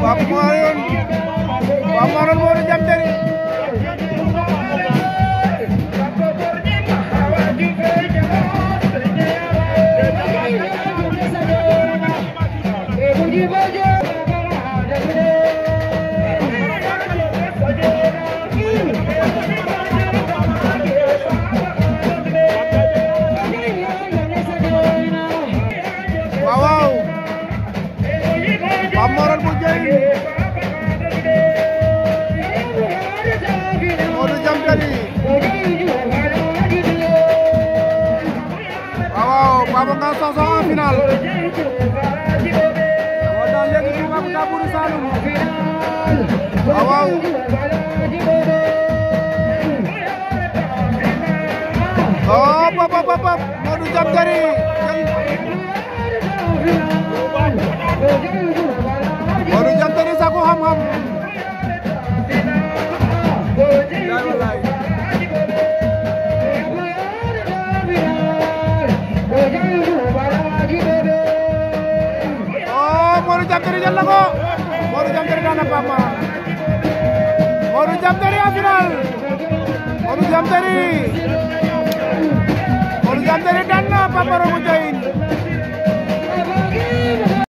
Pape Marone Pape Marone Modou Diam Terry Thank Pape Morane bu Dieyine Modou Diamtali waaw waaw Pape Ngane Sanson en finale moo tax léegi ñu am Kaburu Saloum waaw waaw oh pop pop pop Modou Diamtali Diamtéry jël na ko Modou Diamtéry daan na Pape Mara Modou Diamtéry en finale Modou Diamtéry Modou